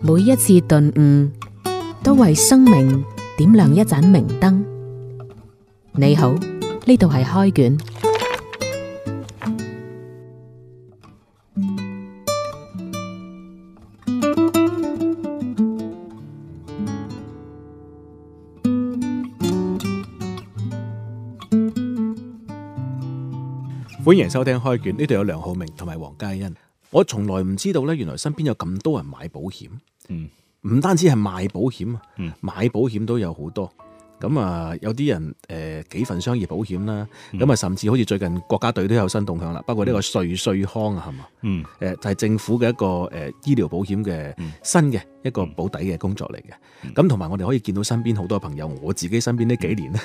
每一次頓悟，都為生命點亮一盞明燈。你好，呢度係開卷，歡迎收聽開卷。呢度有梁浩明同埋黃嘉欣。我從來唔知道呢，原來身邊有咁多人買保險，唔、嗯、單止係賣保險啊，嗯、買保險都有好多。咁啊，有啲人誒、呃、幾份商業保險啦，咁啊、嗯，甚至好似最近國家隊都有新動向啦。包括呢個稅稅康啊，係咪？誒、嗯呃、就係、是、政府嘅一個誒、呃、醫療保險嘅新嘅。嗯一個保底嘅工作嚟嘅，咁同埋我哋可以見到身邊好多朋友，我自己身邊呢幾年咧，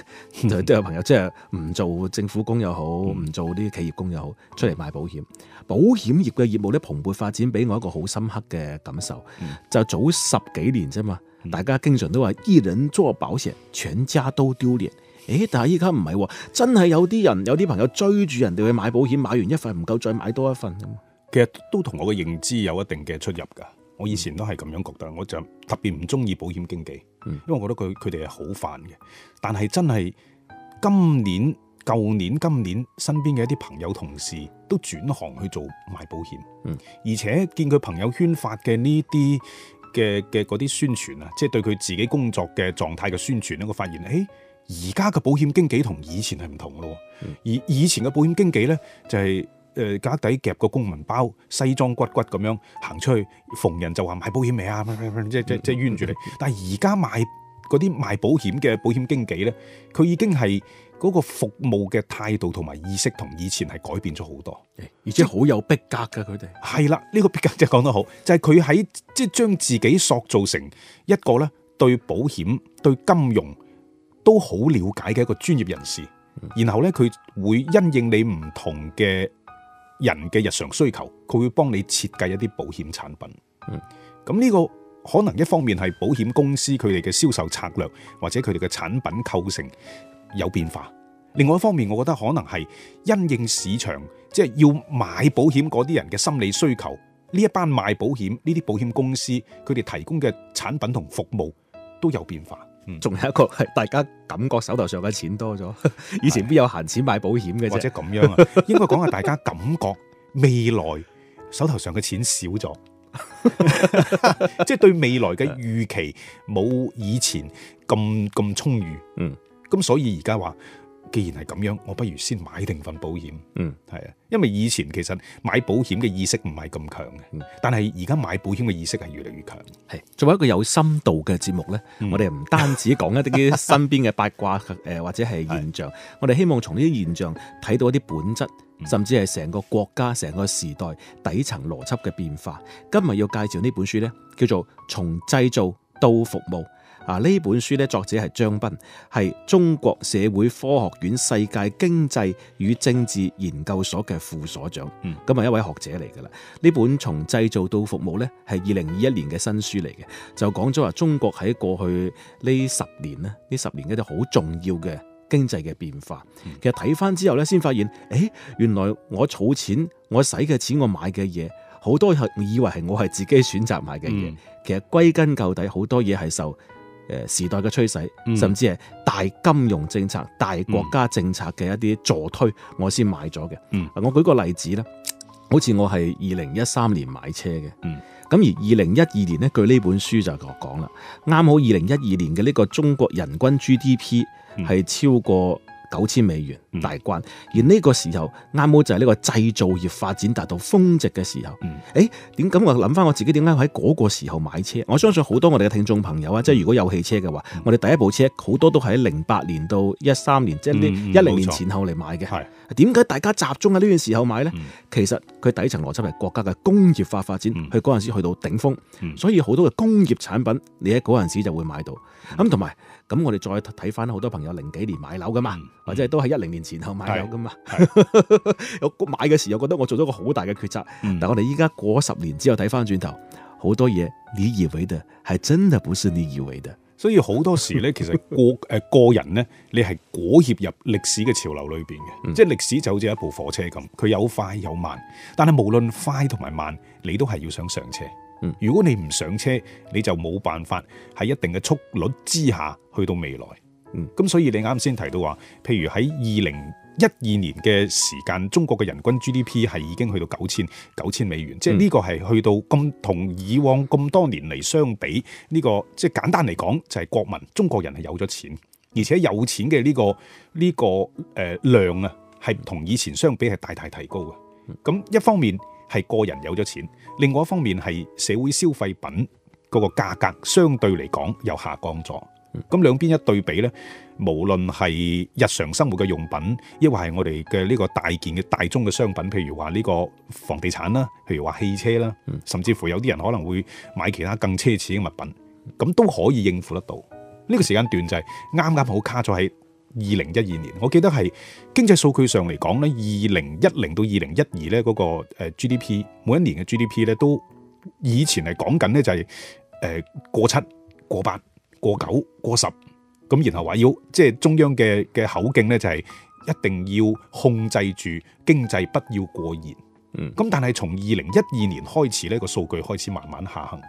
都、嗯、都有朋友即係唔做政府工又好，唔、嗯、做啲企業工又好，出嚟賣保險。保險業嘅業務咧蓬勃發展，俾我一個好深刻嘅感受。嗯、就早十幾年啫嘛，嗯、大家經常都話、嗯、一人做保險，全家都丟臉。誒、欸，但係依家唔係，真係有啲人有啲朋友追住人哋去買保險，買完一份唔夠，再買多一份咁。其實都同我嘅認知有一定嘅出入噶。我以前都係咁樣覺得，我就特別唔中意保險經紀，因為我覺得佢佢哋係好煩嘅。但係真係今年、舊年、今年身邊嘅一啲朋友同事都轉行去做賣保險，而且見佢朋友圈發嘅呢啲嘅嘅嗰啲宣傳啊，即係對佢自己工作嘅狀態嘅宣傳咧，我發現，誒而家嘅保險經紀同以前係唔同嘅喎。而以前嘅保險經紀咧就係。誒，家底夾個公文包，西裝骨骨咁樣行出去，逢人就話 買保險未啊？即即即圈住你。嗯嗯、 但係而家賣嗰啲賣保險嘅保險經紀咧，佢已經係嗰個服務嘅態度同埋意識，同以前係改變咗好多，而且好有逼格嘅佢哋。係啦、就是，呢們、這個逼格即係講得好，就係佢喺即係將自己塑造成一個咧對保險、對金融都好了解嘅一個專業人士，嗯、然後咧佢會因應你唔同嘅人嘅日常需求，佢會幫你設計一啲保險產品。嗯，咁呢個可能一方面係保險公司佢哋嘅銷售策略，或者佢哋嘅產品構成有變化；另外一方面，我覺得可能係因應市場，即係要買保險嗰啲人嘅心理需求，呢一班賣保險呢啲保險公司佢哋提供嘅產品同服務都有變化。仲有一個係大家感覺手頭上嘅錢多咗，以前邊有閒錢買保險嘅，或者咁樣啊？ 應該講係大家感覺未來手頭上嘅錢少咗，即係 對未來嘅預期冇以前咁咁充裕。嗯，咁所以而家話。既然係咁樣，我不如先買定份保險。嗯，係啊，因為以前其實買保險嘅意識唔係咁強嘅。嗯，但係而家買保險嘅意識係越嚟越強。係作為一個有深度嘅節目呢，嗯，我哋唔單止講一啲身邊嘅八卦，或者係現象， 是我哋希望從呢啲現象睇到一啲本質，甚至係成個國家、成個時代底層邏輯嘅變化。今日要介紹呢本書呢，叫做《從製造到服務》。啊！呢本書咧，作者係張斌，係中國社會科學院世界經濟與政治研究所嘅副所長，咁啊、嗯、一位學者嚟噶啦。呢本從製造到服務咧，係二零二一年嘅新書嚟嘅，就講咗話中國喺過去呢十年咧，呢十年一啲好重要嘅經濟嘅變化。嗯、其實睇返之後咧，先發現，誒原來我儲錢、我使嘅錢、我買嘅嘢，好多係以為係我係自己選擇買嘅嘢，嗯、其實歸根究底好多嘢係受。誒時代嘅趨勢，甚至係大金融政策、大國家政策嘅一啲助推，嗯、我先買咗嘅。嗯、我舉個例子啦，好似我係二零一三年買車嘅，咁、嗯、而二零一二年呢，據呢本書就我講啦，啱好二零一二年嘅呢個中國人均 GDP 係、嗯、超過。九千美元大關，嗯、而呢個時候啱好就係、是、呢個製造業發展達到峰值嘅時候。誒、嗯，點咁我諗翻我自己點解喺嗰個時候買車？我相信好多我哋嘅聽眾朋友啊，即、就、係、是、如果有汽車嘅話，嗯、我哋第一部車好多都係喺零八年到一三年，即係呢一零年前後嚟買嘅。嗯嗯點解大家集中喺呢段時候買呢？嗯、其實佢底層邏輯係國家嘅工業化發展，佢嗰陣時去到頂峰，嗯、所以好多嘅工業產品你喺嗰陣時就會買到。咁同埋，咁、嗯、我哋再睇翻好多朋友零幾年買樓噶嘛，嗯、或者都係一零年前後買樓噶嘛。我 買嘅時候覺得我做咗個好大嘅抉擇。嗯、但我哋依家過咗十年之後睇翻轉頭，好多嘢你以為的係真的，不是你以為的。所以好多時咧，其實個誒、呃、個人咧，你係裹挾入歷史嘅潮流裏邊嘅，嗯、即係歷史就好似一部火車咁，佢有快有慢。但係無論快同埋慢，你都係要想上車。嗯、如果你唔上車，你就冇辦法喺一定嘅速率之下去到未來。咁、嗯、所以你啱先提到話，譬如喺二零一二年嘅時間，中國嘅人均 GDP 係已經去到九千九千美元，嗯、即係呢個係去到咁同以往咁多年嚟相比，呢、這個即係簡單嚟講就係、是、國民中國人係有咗錢，而且有錢嘅呢、這個呢、這個誒、呃、量啊係同以前相比係大大提高嘅。咁一方面係個人有咗錢，另外一方面係社會消費品嗰個價格相對嚟講又下降咗。咁兩邊一對比咧，無論係日常生活嘅用品，亦或係我哋嘅呢個大件嘅大宗嘅商品，譬如話呢個房地產啦，譬如話汽車啦，甚至乎有啲人可能會買其他更奢侈嘅物品，咁都可以應付得到。呢個時間段就係啱啱好卡咗喺二零一二年。我記得係經濟數據上嚟講咧，二零一零到二零一二咧嗰個 GDP 每一年嘅 GDP 咧都以前係講緊咧就係誒過七過八。過九過十咁，然後話要即係中央嘅嘅口徑呢，就係一定要控制住經濟不要過熱。嗯，咁但係從二零一二年開始呢個數據開始慢慢下行，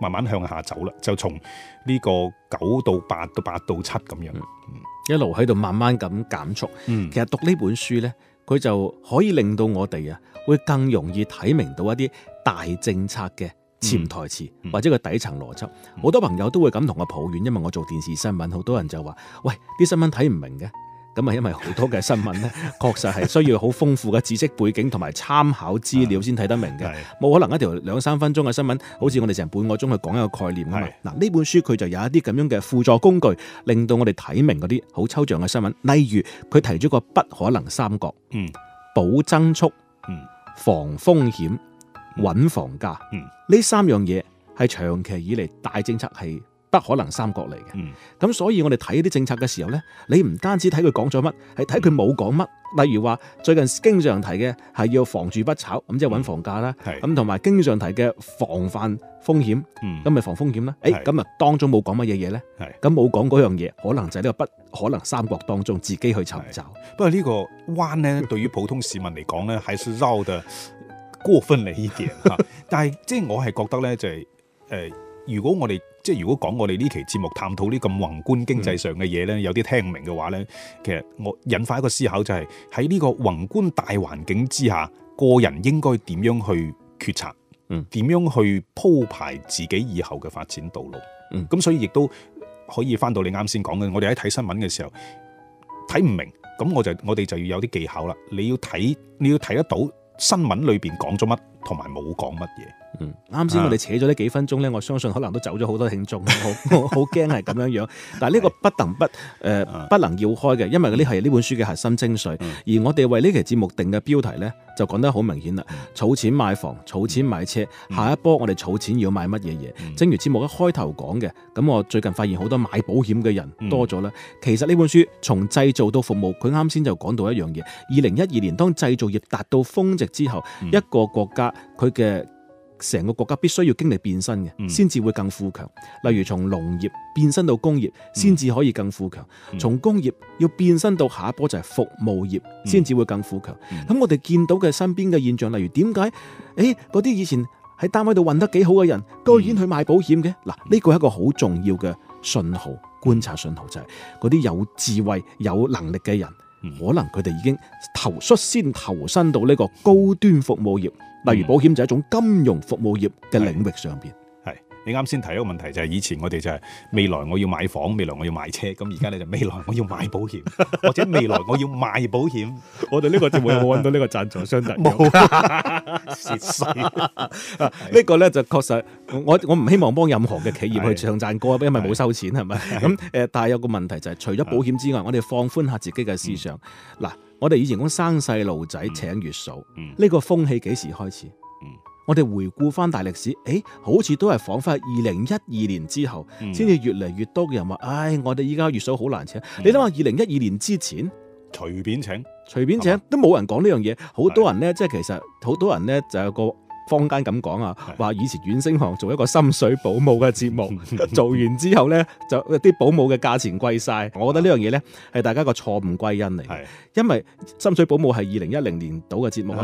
慢慢向下走啦，就從呢個九到八到八到七咁樣，嗯嗯、一路喺度慢慢咁減速。嗯、其實讀呢本書呢，佢就可以令到我哋啊，會更容易睇明到，一啲大政策嘅。潛台詞、嗯、或者個底層邏輯，好、嗯、多朋友都會咁同我抱怨，因為我做電視新聞，好多人就話，喂，啲新聞睇唔明嘅。咁啊，因為好多嘅新聞咧， 確實係需要好豐富嘅知識背景同埋參考資料先睇得明嘅。冇、嗯、可能一條兩三分鐘嘅新聞，好似我哋成半個鐘去講一個概念啊嘛。嗱是，呢本書佢就有一啲咁樣嘅輔助工具，令到我哋睇明嗰啲好抽象嘅新聞。例如，佢提咗個不可能三角，嗯，保增速，嗯，防風險。穩房價，呢、嗯、三樣嘢係長期以嚟大政策係不可能三角嚟嘅。咁、嗯、所以我哋睇啲政策嘅時候咧，你唔單止睇佢講咗乜，係睇佢冇講乜。例如話最近經常提嘅係要房住不炒，咁即係穩房價啦。咁同埋經常提嘅防範風險，咁咪防風險啦。嗯、誒，咁啊當中冇講乜嘢嘢咧？咁冇講嗰樣嘢，可能就係呢個不可能三角當中自己去尋找。不過個呢個彎咧，對於普通市民嚟講咧，還是繞嘅。 過分啦依啲，但係即係我係覺得咧，就係、是、誒、呃，如果我哋即係如果講我哋呢期節目探討呢，咁宏觀經濟上嘅嘢咧，嗯、有啲聽唔明嘅話咧，其實我引發一個思考就係喺呢個宏觀大環境之下，個人應該點樣去決策？嗯，點樣去鋪排自己以後嘅發展道路？嗯，咁所以亦都可以翻到你啱先講嘅，我哋喺睇新聞嘅時候睇唔明，咁我就我哋就，就要有啲技巧啦。你要睇，你要睇得到。新聞裏邊講咗乜？同埋冇講乜嘢。嗯，啱先我哋扯咗呢幾分鐘呢，我相信可能都走咗好多聽眾，好好驚係咁樣樣。但係呢個不能不誒，不能要開嘅，因為呢係呢本書嘅核心精髓。而我哋為呢期節目定嘅標題呢，就講得好明顯啦。儲錢買房，儲錢買車，下一波我哋儲錢要買乜嘢嘢？正如節目一開頭講嘅，咁我最近發現好多買保險嘅人多咗啦。其實呢本書從製造到服務，佢啱先就講到一樣嘢。二零一二年當製造業達到峰值之後，一個國家。佢嘅成個國家必須要經歷變身嘅，先至、嗯、會更富強。例如從農業變身到工業，先至、嗯、可以更富強；從、嗯、工業要變身到下一波就係服務業，先至、嗯、會更富強。咁、嗯、我哋見到嘅身邊嘅現象，例如點解誒嗰啲以前喺單位度混得幾好嘅人，居然去買保險嘅？嗱、嗯，呢個係一個好重要嘅信號，嗯、觀察信號就係嗰啲有智慧、有能力嘅人。可能佢哋已經投率先投身到呢個高端服務業，例如保險就係一種金融服務業嘅領域上面。你啱先提一個問題，就係、是、以前我哋就係未來我要買房，未來我要買車，咁而家你就未來我要買保險， 或者未來我要賣保險，我哋呢個節目冇揾到呢個贊助商嚟？冇啊，蝕曬。呢個咧就確實，我我唔希望幫任何嘅企業去唱讚歌， 因為冇收錢係咪？咁誒， 嗯、 但係有個問題就係、是，除咗保險之外，我哋放寬下自己嘅思想。嗱，我哋以前講生細路仔請月嫂，呢個風氣幾時開始？我哋回顧翻，大歷史，誒、喔，好似都係仿佛二零一二年之後，先至越嚟越多嘅人話。唉，我哋依家月嫂好難請。你諗下，二零一二年之前，隨便請，隨便請，吧都冇人講呢樣嘢。好多人呢，是的 即係其實好多人呢，就有個坊間咁講啊，話以前阮星行做一個深水保姆嘅節目， 做完之後呢，就啲保姆嘅價錢貴晒。我覺得呢樣嘢呢，係大家個錯誤歸因嚟，是的 因為深水保姆係二零一零年到嘅節目，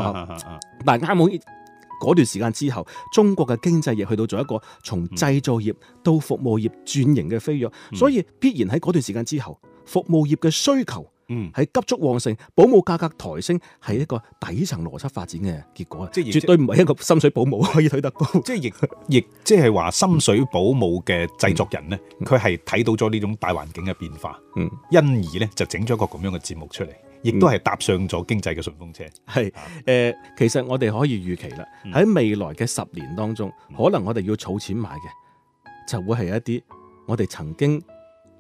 但係啱好。是 About 嗰段時間之後，中國嘅經濟亦去到做一個從製造業到服務業轉型嘅飛躍。嗯、所以必然喺嗰段時間之後，服務業嘅需求，嗯，係急速旺盛，嗯、保姆價格抬升係一個底層邏輯發展嘅結果啊！即係也絕對唔係一個深水保姆可以睇得到。即係亦亦即係話深水保姆嘅製作人呢，佢係睇到咗呢種大環境嘅變化，嗯，因而呢就整咗一個咁樣嘅節目出嚟。亦都係搭上咗經濟嘅順風車，係誒、呃、其實我哋可以預期啦，喺未來嘅十年當中，可能我哋要儲錢買嘅，就會係一啲我哋曾經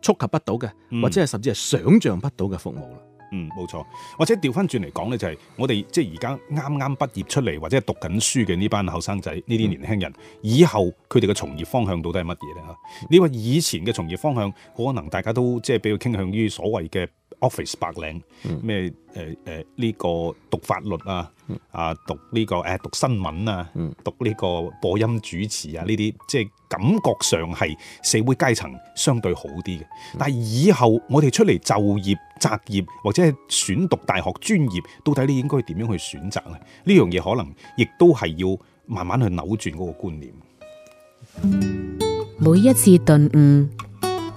觸及不到嘅，或者係甚至係想象不到嘅服務啦。嗯，冇錯。或者調翻轉嚟講咧，就係、是、我哋即係而家啱啱畢業出嚟，或者係讀緊書嘅呢班後生仔、呢啲年輕人、嗯、人，以後佢哋嘅從業方向到底係乜嘢咧？吓、嗯，你話以前嘅從業方向可能大家都即係比較傾向於所謂嘅 office 白領，咩誒誒呢個讀法律啊。啊，讀呢個誒，讀新聞啊，讀呢個播音主持啊，呢啲即係感覺上係社會階層相對好啲嘅。但係以後我哋出嚟就業、擇業或者係選讀大學專業，到底你應該點樣去選擇呢？呢樣嘢可能亦都係要慢慢去扭轉嗰個觀念。每一次頓悟，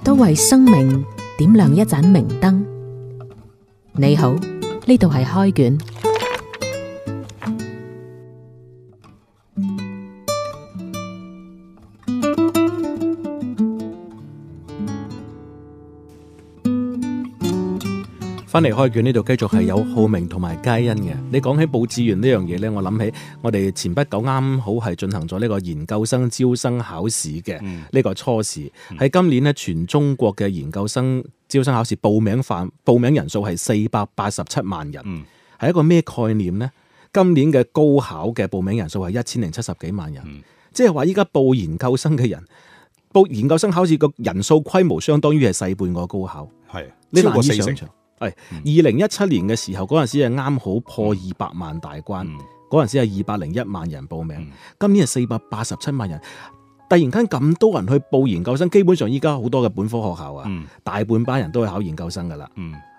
都為生命點亮一盞明燈。你好，呢度係開卷。翻嚟開卷呢度，繼續係有浩明同埋佳欣嘅。你講起報志願呢樣嘢呢，我諗起我哋前不久啱好係進行咗呢個研究生招生考試嘅呢個初試。喺、嗯、今年呢，全中國嘅研究生招生考試報名範報名人數係四百八十七萬人，係、嗯、一個咩概念呢？今年嘅高考嘅報名人數係一千零七十幾萬人，嗯、即係話依家報研究生嘅人，報研究生考試嘅人數規模相當於係細半個高考，係超過四成。係二零一七年嘅時候，嗰陣時係啱好破二百萬大關，嗰陣時、嗯、係二百零一萬人報名，嗯、今年係四百八十七萬人，突然間咁多人去報研究生，基本上依家好多嘅本科學校啊，嗯、大半班人都去考研究生㗎喇，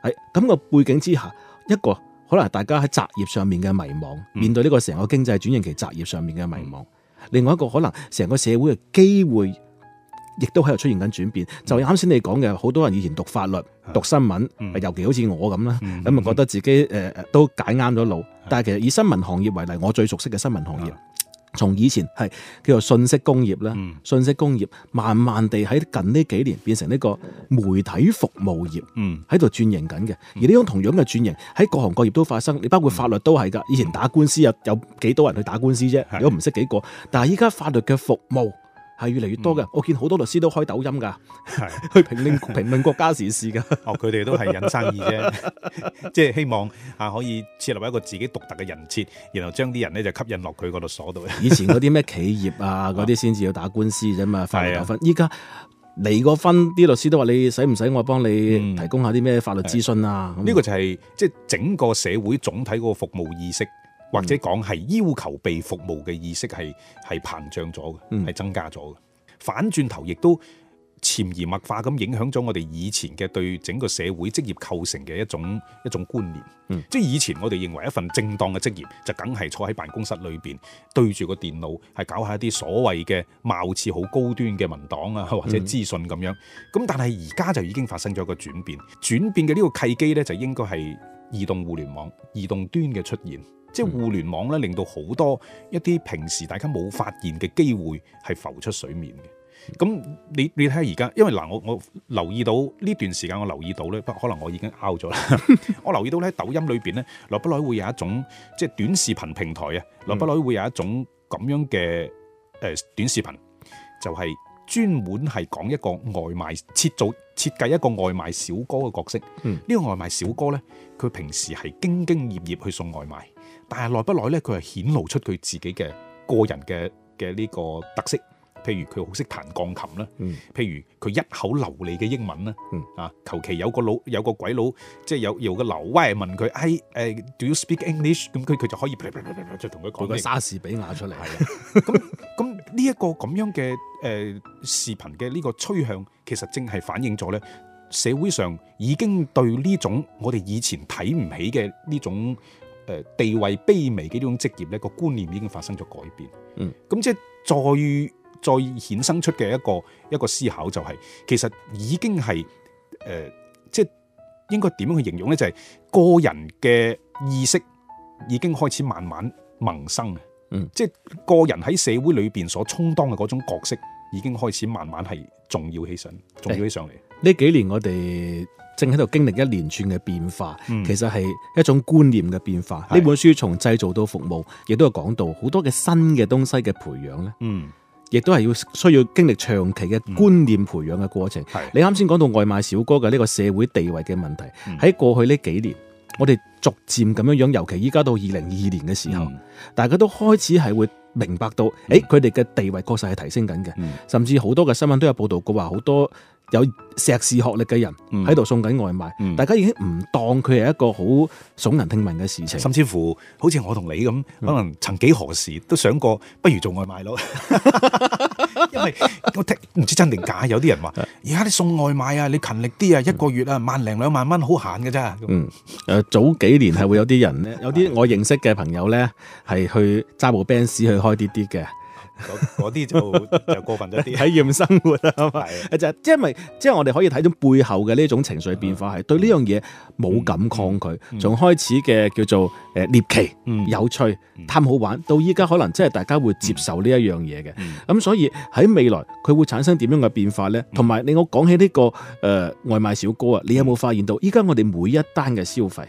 喺咁嘅背景之下，一個可能大家喺擇業上面嘅迷茫，嗯、面對呢個成個經濟轉型期擇業上面嘅迷茫，嗯、另外一個可能成個社會嘅機會。亦都喺度出現緊轉變，就啱、是、先你講嘅，好多人以前讀法律、讀新聞，的尤其好似我咁啦，咁啊、嗯、覺得自己誒、呃、都解啱咗路。的但係其實以新聞行業為例，我最熟悉嘅新聞行業，的從以前係叫做信息工業啦，的嗯、信息工業慢慢地喺近呢幾年變成呢個媒體服務業，喺度、嗯、轉型緊嘅。而呢種同樣嘅轉型喺各行各業都發生，你包括法律都係㗎。以前打官司有有幾多人去打官司啫的？如果唔識幾個，但係依家法律嘅服務。係越嚟越多嘅，我見好多律師都開抖音噶係去評論評論國家時事噶。哦，佢哋都係引生意啫，即係希望啊可以設立一個自己獨特嘅人設，然後將啲人咧就吸引落佢嗰度鎖到。以前嗰啲咩企業啊，嗰啲先至要打官司啫嘛。快係啊，依家離個婚，啲律師都話你使唔使我幫你提供下啲咩法律諮詢啊？呢個就係即係整個社會總體個服務意識。或者講係要求被服務嘅意識係係膨脹咗嘅，係增加咗嘅。嗯、反轉頭亦都潛移默化咁影響咗我哋以前嘅對整個社會職業構成嘅一種一種觀念。嗯、即係以前我哋認為一份正當嘅職業就梗係坐喺辦公室裏邊，對住個電腦係搞下一啲所謂嘅貌似好高端嘅文檔啊或者資訊咁樣。咁、嗯、但係而家就已經發生咗個轉變，轉變嘅呢個契機呢，就應該係。移動互聯網、移動端嘅出現，即係互聯網咧，令到好多一啲平時大家冇發現嘅機會係浮出水面嘅。咁、嗯、你你睇下而家，因為嗱，我我留意到呢段時間，我留意到咧，不過可能我已經 out 咗啦。 我留意到咧，喺抖音裏邊咧，來不來會有一種即係短視頻平台啊，嗯、來不來會有一種咁樣嘅誒、呃、短視頻，就係、是。專門係講一個外賣設造設計一個外賣小哥嘅角色。呢個外賣小哥咧，佢平時係兢兢業業去送外賣，但係耐不耐咧，佢係顯露出佢自己嘅個人嘅嘅呢個特色。譬如佢好識彈鋼琴啦，譬如佢一口流利嘅英文啦，啊，求其有個佬有個鬼佬，即係有有個劉威問佢，誒誒，Do you speak English？咁佢佢就可以就同佢講個莎士比亞出嚟。係啊，咁咁。呢一個咁樣嘅誒、呃、視頻嘅呢個趨向，其實正係反映咗咧，社會上已經對呢種我哋以前睇唔起嘅呢種誒、呃、地位卑微嘅呢種職業咧、個觀念已經發生咗改變。嗯，咁即係再再衍生出嘅一個一個思考就係、是，其實已經係誒即係應該點樣去形容咧？就係、是、個人嘅意識已經開始慢慢萌生。嗯，即係個人喺社會裏邊所充當嘅嗰種角色，已經開始慢慢係重要起上，重要、欸、起上嚟。呢幾年我哋正喺度經歷一連串嘅變化，嗯、其實係一種觀念嘅變化。呢、嗯、本書從製造到服務，亦都係講到好多嘅新嘅東西嘅培養咧。嗯，亦都係要需要經歷長期嘅觀念培養嘅過程。係、嗯、你啱先講到外賣小哥嘅呢個社會地位嘅問題，喺過去呢幾年我哋。嗯逐漸咁樣樣，尤其依家到二零二二年嘅時候，嗯、大家都開始係會明白到，誒佢哋嘅地位確實係提升緊嘅，嗯、甚至好多嘅新聞都有報道過話好多有碩士學歷嘅人喺度送緊外賣，嗯、大家已經唔當佢係一個好聳人聽聞嘅事情，甚至乎好似我同你咁，可能曾幾何時都想過不如做外賣囉，因為我聽唔知真定假，有啲人話而家你送外賣啊，你勤力啲啊，一、嗯、個月啊萬零兩萬蚊好閒㗎啫。1, 000, 200, 300, 嗯，誒早幾年係會有啲人咧， 有啲我認識嘅朋友咧係去揸部 benz 去開滴滴嘅。嗰啲就就過分咗啲， 體驗生活啦，係 對就係，即係咪即係我哋可以睇到背後嘅呢種情緒變化，係對呢樣嘢冇感抗拒，從、嗯、開始嘅叫做誒獵奇、嗯、有趣、貪、嗯、好玩，到依家可能即係大家會接受呢一樣嘢嘅。咁、嗯、所以喺未來佢會產生點樣嘅變化咧？同埋、嗯、你我講起呢個誒外賣小哥啊，嗯、你有冇發現到依家我哋每一單嘅消費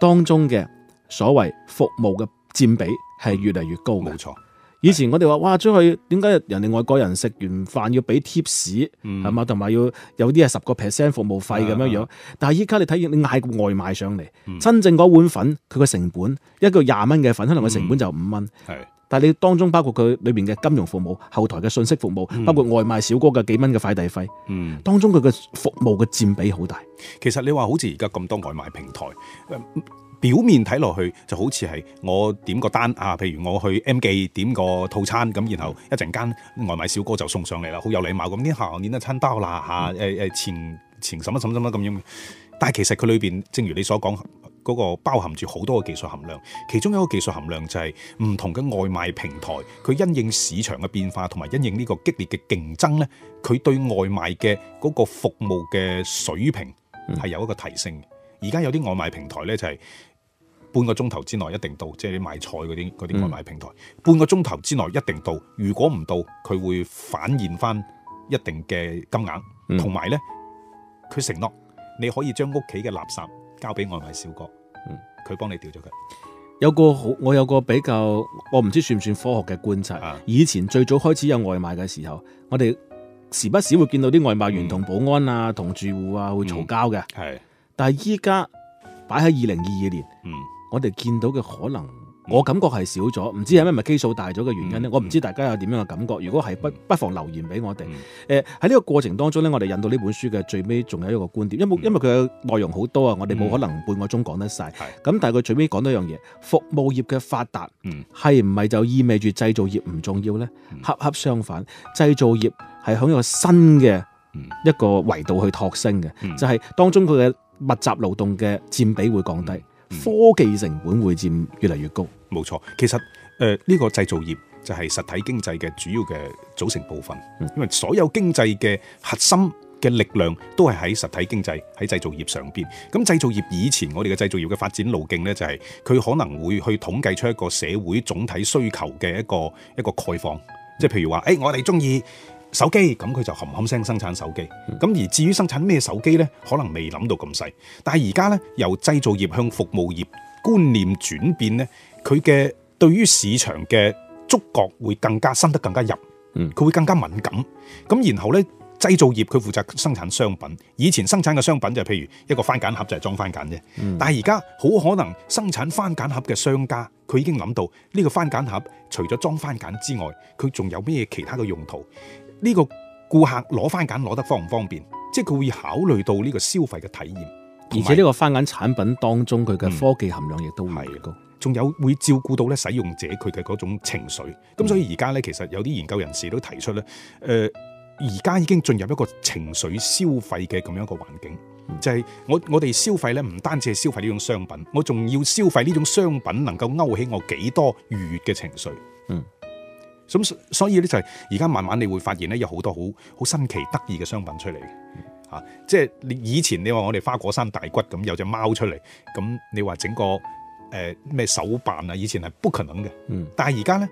當中嘅所謂服務嘅佔比係越嚟越高嘅？冇錯。以前我哋話哇出去點解人哋外國人食完飯要俾貼士，係嘛、嗯，同埋要有啲係十個 percent 服務費咁樣樣。嗯嗯、但係依家你睇你嗌外賣上嚟，嗯、真正嗰碗粉佢個成本一個廿蚊嘅粉，可能個成本就五蚊。係、嗯，但係你當中包括佢裏邊嘅金融服務、後台嘅信息服務，包括外賣小哥嘅幾蚊嘅快遞費，嗯、當中佢嘅服務嘅佔比好大。其實你話好似而家咁多外賣平台。呃表面睇落去就好似係我點個單啊，譬如我去 M 記點個套餐咁，然後一陣間外賣小哥就送上嚟啦，好有禮貌咁，呢下年得親兜啦嚇，誒誒前前什麼什麼咁樣。但係其實佢裏邊正如你所講嗰、那個包含住好多嘅技術含量，其中一個技術含量就係、是、唔同嘅外賣平台，佢因應市場嘅變化同埋因應呢個激烈嘅競爭呢，佢對外賣嘅嗰個服務嘅水平係有一個提升。而家、嗯、有啲外賣平台呢、就是，就係。半個鐘頭之內一定到，即係你買菜嗰啲啲外賣平台。嗯、半個鐘頭之內一定到，如果唔到，佢會反現翻一定嘅金額。同埋、嗯、呢，佢承諾你可以將屋企嘅垃圾交俾外賣小哥，佢、嗯、幫你掉咗佢。有個好，我有個比較，我唔知算唔算科學嘅觀察。啊、以前最早開始有外賣嘅時候，我哋時不時會見到啲外賣員同、嗯、保安啊、同住戶啊會嘈交嘅。係、嗯，但係依家擺喺二零二二年，嗯。嗯我哋見到嘅可能，我感覺係少咗，唔知係咩咪基數大咗嘅原因咧？嗯、我唔知大家有點樣嘅感覺。如果係不、嗯、不妨留言俾我哋。誒喺呢個過程當中咧，我哋引到呢本書嘅最尾仲有一個觀點，因為、嗯、因為佢嘅內容好多啊，我哋冇可能半個鐘講得晒。咁、嗯、但係佢最尾講到一樣嘢，服務業嘅發達係唔係就意味住製造業唔重要咧？嗯、恰恰相反，製造業係喺一個新嘅一個維度去托升嘅，嗯、就係當中佢嘅密集勞動嘅佔比會降低。科技成本會占越嚟越高，冇錯。其實誒，呢個製造業就係實體經濟嘅主要嘅組成部分，因為所有經濟嘅核心嘅力量都係喺實體經濟喺製造業上邊。咁製造業以前我哋嘅製造業嘅發展路徑呢、就係佢可能會去統計出一個社會總體需求嘅一個一個概況，即係譬如話誒、哎，我哋中意。手機咁佢就冚冚聲生產手機，咁、嗯、而至於生產咩手機呢？可能未諗到咁細。但係而家呢，由製造業向服務業觀念轉變呢，佢嘅對於市場嘅觸角會更加深、得更加入，佢、嗯、會更加敏感。咁然後呢，製造業佢負責生產商品，以前生產嘅商品就係、譬如一個番梘盒就係裝番梘啫。嗯、但係而家好可能生產番梘盒嘅商家，佢已經諗到呢個番梘盒除咗裝番梘之外，佢仲有咩其他嘅用途？呢個顧客攞番簡攞得方唔方便，即係佢會考慮到呢個消費嘅體驗，而且呢個番簡產品當中佢嘅、嗯、科技含量亦都係高，仲有會照顧到咧使用者佢嘅嗰種情緒。咁、嗯、所以而家呢，其實有啲研究人士都提出呢，誒、呃，而家已經進入一個情緒消費嘅咁樣一個環境，嗯、就係我我哋消費呢，唔單止係消費呢種商品，我仲要消費呢種商品能夠勾起我幾多愉悅嘅情緒，嗯。咁所以咧，就係而家慢慢你會發現咧有好多好好新奇得意嘅商品出嚟嚇、啊，即係你以前你話我哋花果山大骨咁有隻貓出嚟，咁你話整個誒咩、呃、手辦啊，以前係不可能嘅，嗯、但係而家咧。